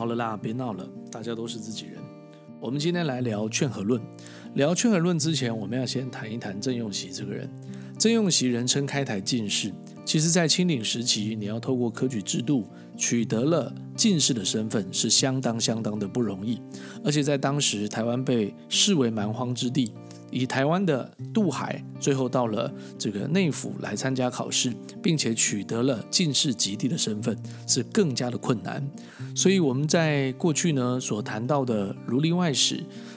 好了啦，別鬧了，大家都是自己人。我們今天來聊勸和論。聊勸和論之前，我們要先談一談鄭用錫這個人。鄭用錫人稱開台進士，其實在清領時期，你要透過科舉制度取得了進士的身份，是相當相當的不容易。而且在當時，台灣被視為蠻荒之地。以台灣的渡海，最後到了這個內府來參加考試，並且取得了進士及第的身份，是更加的困難。所以我們在過去呢，所談到的《儒林外史》，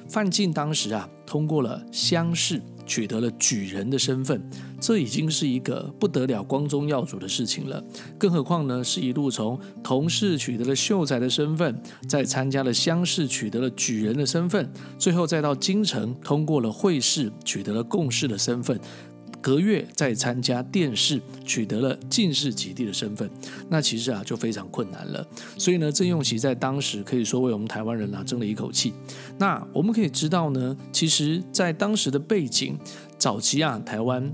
范進當時啊通過了鄉試。取得了舉人的身份，這已經是一個不得了、光宗耀祖的事情了。更何況呢，是一路從童試取得了秀才的身份，再參加了鄉試取得了舉人的身份，最後再到京城通過了會試取得了貢士的身份。隔月再參加殿試，取得了進士及第的身份。那其實啊，就非常困難了。所以呢，鄭用錫在當時可以說為我們台灣人啊爭了一口氣。那我們可以知道呢，其實，在當時的背景，早期啊，台灣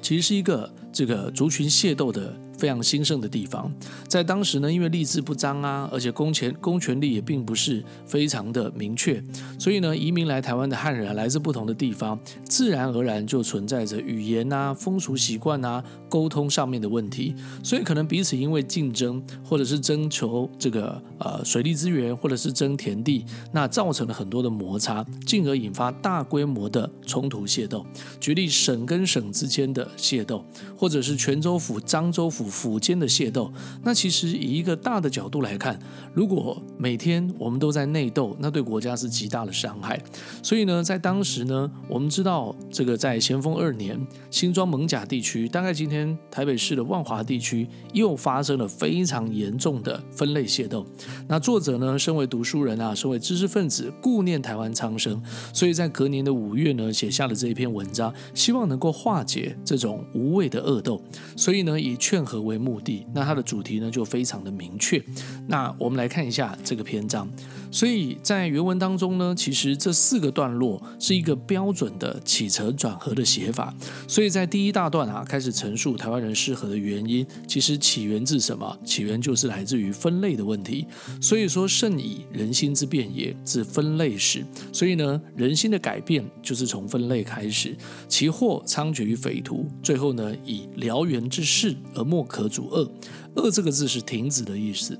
其實是一個這個族群械鬥的非常興盛的地方，在當時呢，因為吏治不彰啊，而且公權公權力也並不是非常的明確，所以呢，移民來台灣的漢人來自不同的地方，自然而然就存在着語言啊、風俗習慣啊、溝通上面的問題，所以可能彼此因為競爭，或者是爭求這個呃水利資源，或者是爭田地，那造成了很多的摩擦，進而引發大規模的衝突械鬥。舉例省跟省之間的械鬥，或者是泉州府、漳州府。府間的械鬥，那其實以一個大的角度來看，如果每天我們都在內鬥，那對國家是極大的傷害。所以呢，在當時呢，我們知道這個在咸豐二年，新莊艋舺地區，大概今天台北市的萬華地區，又發生了非常嚴重的分類械鬥。那作者呢，身為讀書人啊，身為知識分子，顧念台灣蒼生，所以在隔年的五月呢，寫下了這一篇文章，希望能夠化解這種無謂的惡鬥。所以呢，以勸和。為目的，那它的主題呢，就非常的明確。那我們來看一下這個篇章。所以在原文當中呢，其實這四個段落是一個標準的起承轉合的寫法。所以在第一大段啊，開始陳述台灣人失和的原因，其實起源自什麼？起源就是來自於分類的問題。所以說，甚矣人心之變也，自分類始。所以呢，人心的改變就是從分類開始，其禍猖獗於匪徒，最後呢，以燎原之勢而莫可阻遏。遏這個字是停止的意思。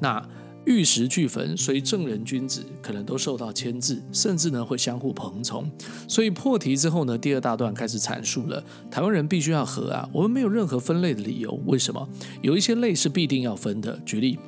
那。玉石俱焚，所以正人君子可能都受到牽制，甚至呢會相互捧從。所以破題之後呢，第二大段開始闡述了，台灣人必須要和啊，我們沒有任何分類的理由。為什麼？有一些類是必定要分的。舉例。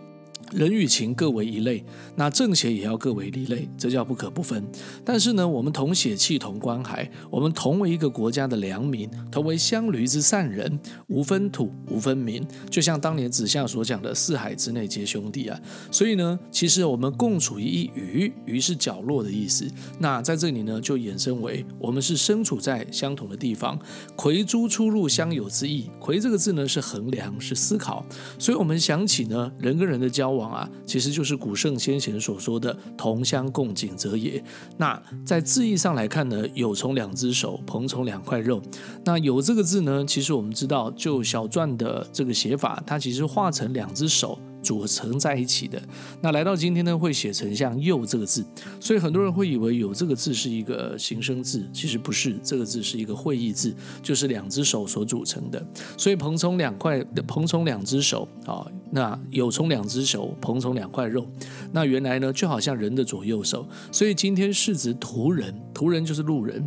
人與禽各為一類，那正邪也要各為一類，這叫不可不分。但是呢，我們同血氣，同官骸，我們同為一個國家的良民，同為鄉閭之善人，無分土，無分民。就像當年子夏所講的“四海之內皆兄弟”啊。所以呢，其實我們共處於一隅，隅是角落的意思。那在這裡呢，就延伸為我們是身處在相同的地方，揆諸出入相友之意。揆這個字呢，是衡量，是思考。所以我們想起呢，人跟人的交往。啊，其實就是古聖先賢所說的“同鄉共景共井者也”那，那在字義上來看呢，有從兩隻手，朋從兩塊肉。那有這個字呢，其實我們知道，就小篆的這個寫法，它其實畫成兩隻手。組成在一起的。那來到今天呢，會寫成像右這個字，所以很多人會以為有這個字是一個形聲字，其實不是，這個字是一個會意字，就是兩隻手所組成的。所以彭沖兩塊，彭沖兩隻手啊、哦，那有沖兩隻手，彭沖兩塊肉，那原來呢就好像人的左右手，所以今天是指途人，途人就是路人。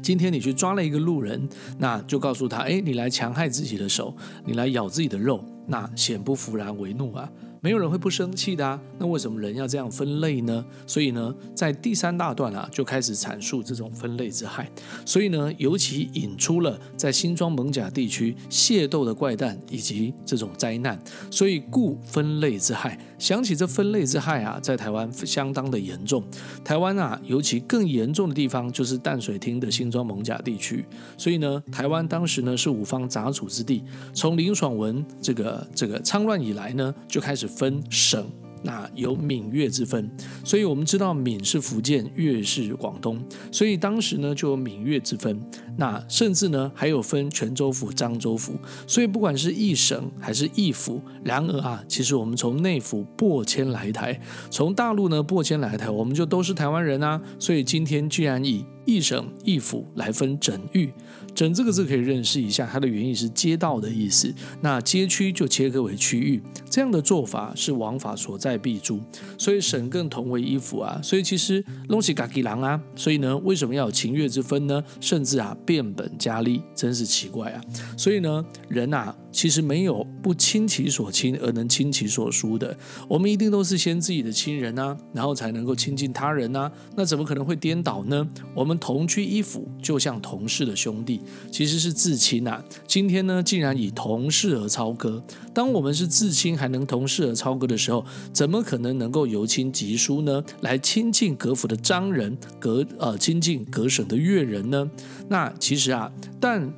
今天你去抓了一個路人，那就告訴他，哎，你來戕害自己的手，你來咬自己的肉。那顯不服，然為怒啊。沒有人會不生氣的啊！那為什麼人要這樣分類呢？所以呢，在第三大段啊，就開始闡述這種分類之害。所以呢，尤其引出了在新莊艋舺地區械鬥的怪誕以及這種災難。所以故分類之害。想起這分類之害啊，在台灣相當的嚴重。台灣啊，尤其更嚴重的地方就是淡水廳的新莊艋舺地區。所以呢，台灣當時呢是五方雜處之地。從林爽文這個這個倡亂以來呢，就開始。分省，那有閩粵之分，所以我們知道閩是福建，粵是廣東，所以當時呢就有閩粵之分，那甚至呢還有分泉州府、漳州府，所以不管是一省還是一府，然而啊，其實我們從內府播遷來台，從大陸呢播遷來台，我們就都是台灣人啊，所以今天既然以一省一府來分畛域，畛這個字可以認識一下，它的原意是街道的意思。那街區就切割為區域，這樣的做法是王法所在必誅。所以省更同為一府啊，所以其實攏是家己人啊，所以呢，為什麼要有秦越之分呢？甚至啊變本加厲，真是奇怪啊。所以呢，人啊。其實沒有不親其所親而能親其所疏的，我們一定都是先自己的親人吶、啊，然後才能夠親近他人吶、啊，那怎麼可能會顛倒呢？我們同居一府，就像同室的兄弟，其實是至親啊。今天呢，竟然以同室而操戈，當我們是至親，還能同室而操戈的時候，怎麼可能能夠由親及疏呢？來親近閣府的漳人，格，呃親近閣省的粵人呢？那其實啊，但。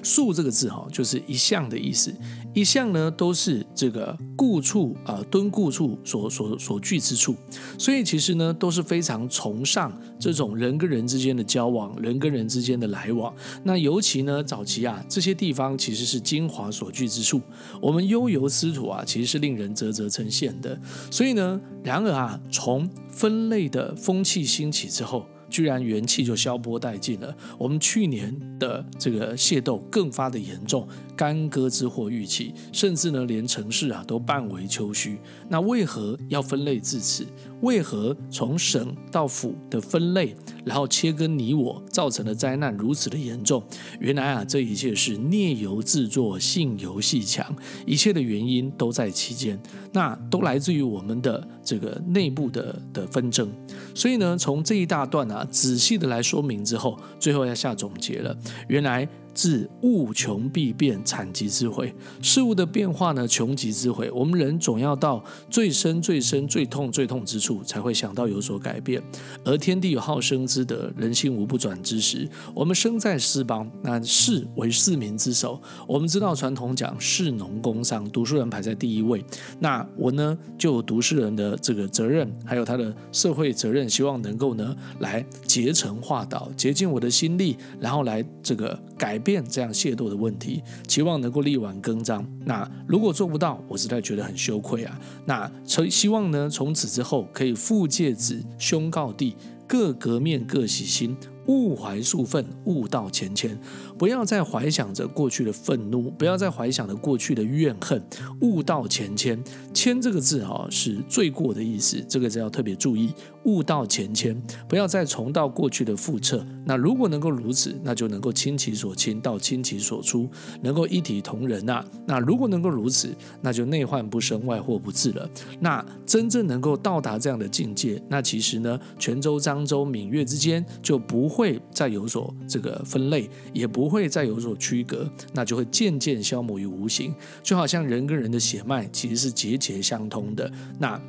“素”這個字哈，就是一向的意思。一向呢，都是這個古處啊，敦、呃、古處所所所聚之處。所以其實呢，都是非常崇尚這種人跟人之間的交往，人跟人之間的來往。那尤其呢，早期啊，這些地方其實是精華所聚之處。我們悠游斯土啊，其實是令人嘖嘖稱羨的。所以呢，然而啊，從分類的風氣興起之後。居然元氣就消波殆盡了。我們去年的這個械鬥更發的嚴重。干戈之禍愈起，甚至呢，連城市啊都半為丘墟。那為何要分類至此？為何從省到府的分類，然後切割你我，造成的災難如此的嚴重？原來啊，這一切是孽由自作，性遊戲強，一切的原因都在其間。那都來自於我們的這個內部的的紛爭。所以呢，從這一大段啊，仔細的來說明之後，最後要下總結了。原來。自物窮必變，慘極知悔。事物的變化呢，窮極知悔。我們人總要到最深、最深、最痛、最痛之處，才會想到有所改變。而天地有好生之德，人心無不轉之時。我們生在四邦，那士為四民之首。我們知道傳統講士農工商，讀書人排在第一位。那我呢，就讀書人的這個責任，還有他的社會責任，希望能夠呢，來竭誠化導，竭盡我的心力，然後來這個改變，變這樣械鬥的問題，希望能夠力挽更張。那如果做不到，我實在覺得很羞愧啊。那從希望呢，從此之後可以父誡子，兄告弟，各革面各喜，各洗心。勿懷夙忿，勿蹈前愆，不要再懷想着過去的憤怒，不要再懷想着過去的怨恨。勿蹈前愆，愆這個字哈、哦、是罪過的意思，這個字要特別注意。勿蹈前愆，不要再重蹈過去的覆轍。那如果能夠如此，那就能夠親其所親，到親其所出，能夠一體同仁吶、啊。那如果能夠如此，那就內患不生，外禍不至了。那真正能夠到達這樣的境界，那其實呢，泉州、漳州、閩粵之間就不。不會再有所這個分類，也不會再有所區隔，那就會漸漸消磨於無形。就好像人跟人的血脈其實是節節相通的。那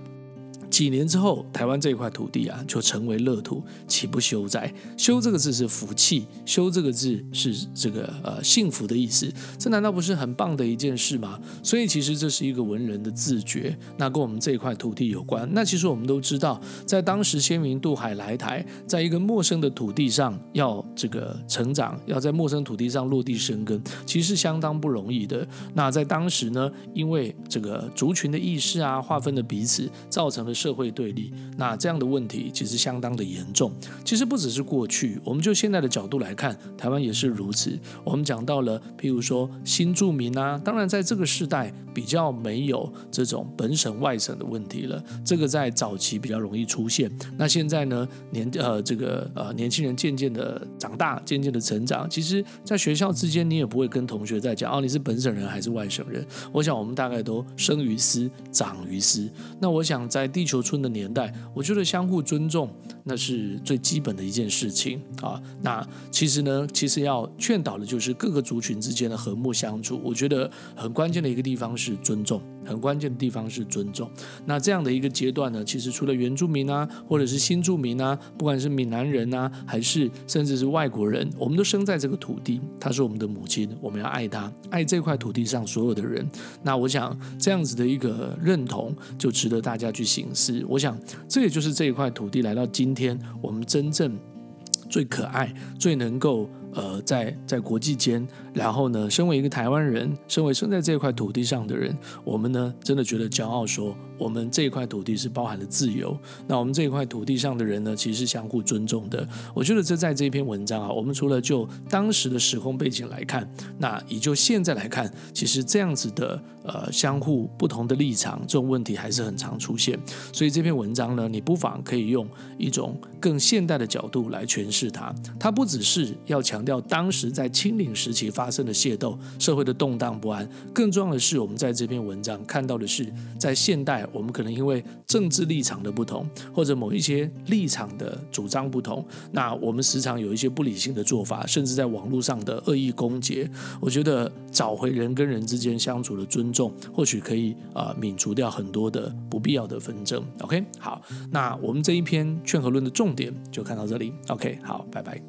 幾年之後，台灣這一塊土地啊，就成為樂土，豈不休哉？“休”這個字是福氣，“休”這個字是這個呃幸福的意思，這難道不是很棒的一件事嗎？所以其實這是一個文人的自覺，那跟我們這一塊土地有關。那其實我們都知道，在當時先民渡海來台，在一個陌生的土地上要這個成長，要在陌生土地上落地生根，其實相當不容易的。那在當時呢，因為這個族群的意識啊，劃分了彼此，造成了社會社會對立，那這樣的問題其實相當的嚴重。其實不只是過去，我們就現在的角度來看，台灣也是如此。我們講到了，譬如說新住民啊，當然在這個時代比較沒有這種本省外省的問題了。這個在早期比較容易出現。那現在呢，年呃這個呃年輕人漸漸的長大，漸漸的成長，其實在學校之間，你也不會跟同學在講哦，你是本省人還是外省人。我想我們大概都生於斯，長於斯。那我想在地求存的年代，我覺得相互尊重那是最基本的一件事情啊。那其實呢，其實要勸導的就是各個族群之間的和睦相處。我覺得很關鍵的一個地方是尊重。很關鍵的地方是尊重。那這樣的一個階段呢，其實除了原住民啊，或者是新住民啊，不管是閩南人啊，還是甚至是外國人，我們都生在這個土地，他是我們的母親，我們要愛他，愛這塊土地上所有的人。那我想這樣子的一個認同，就值得大家去省思。我想這也就是這一塊土地來到今天，我們真正最可愛、最能夠。呃，在在國際間，然後呢，身為一個台灣人，身為生在這塊土地上的人，我們呢，真的覺得驕傲，說。我們這一塊土地是包含了自由，那我們這一塊土地上的人呢，其實是相互尊重的。我覺得這在這篇文章啊，我們除了就當時的時空背景來看，那以就現在來看，其實這樣子的呃相互不同的立場，這種問題還是很常出現。所以這篇文章呢，你不妨可以用一種更現代的角度來詮釋它。它不只是要強調當時在清領時期發生的械鬥、社會的動盪不安，更重要的是，我們在這篇文章看到的是在現代。我們可能因為政治立場的不同，或者某一些立場的主張不同，那我們時常有一些不理性的做法，甚至在網絡上的惡意攻擊。我覺得找回人跟人之間相處的尊重，或許可以啊免除掉很多的不必要的紛爭。OK，好，那我們這一篇勸和論的重點就看到這裡。OK，好，拜拜。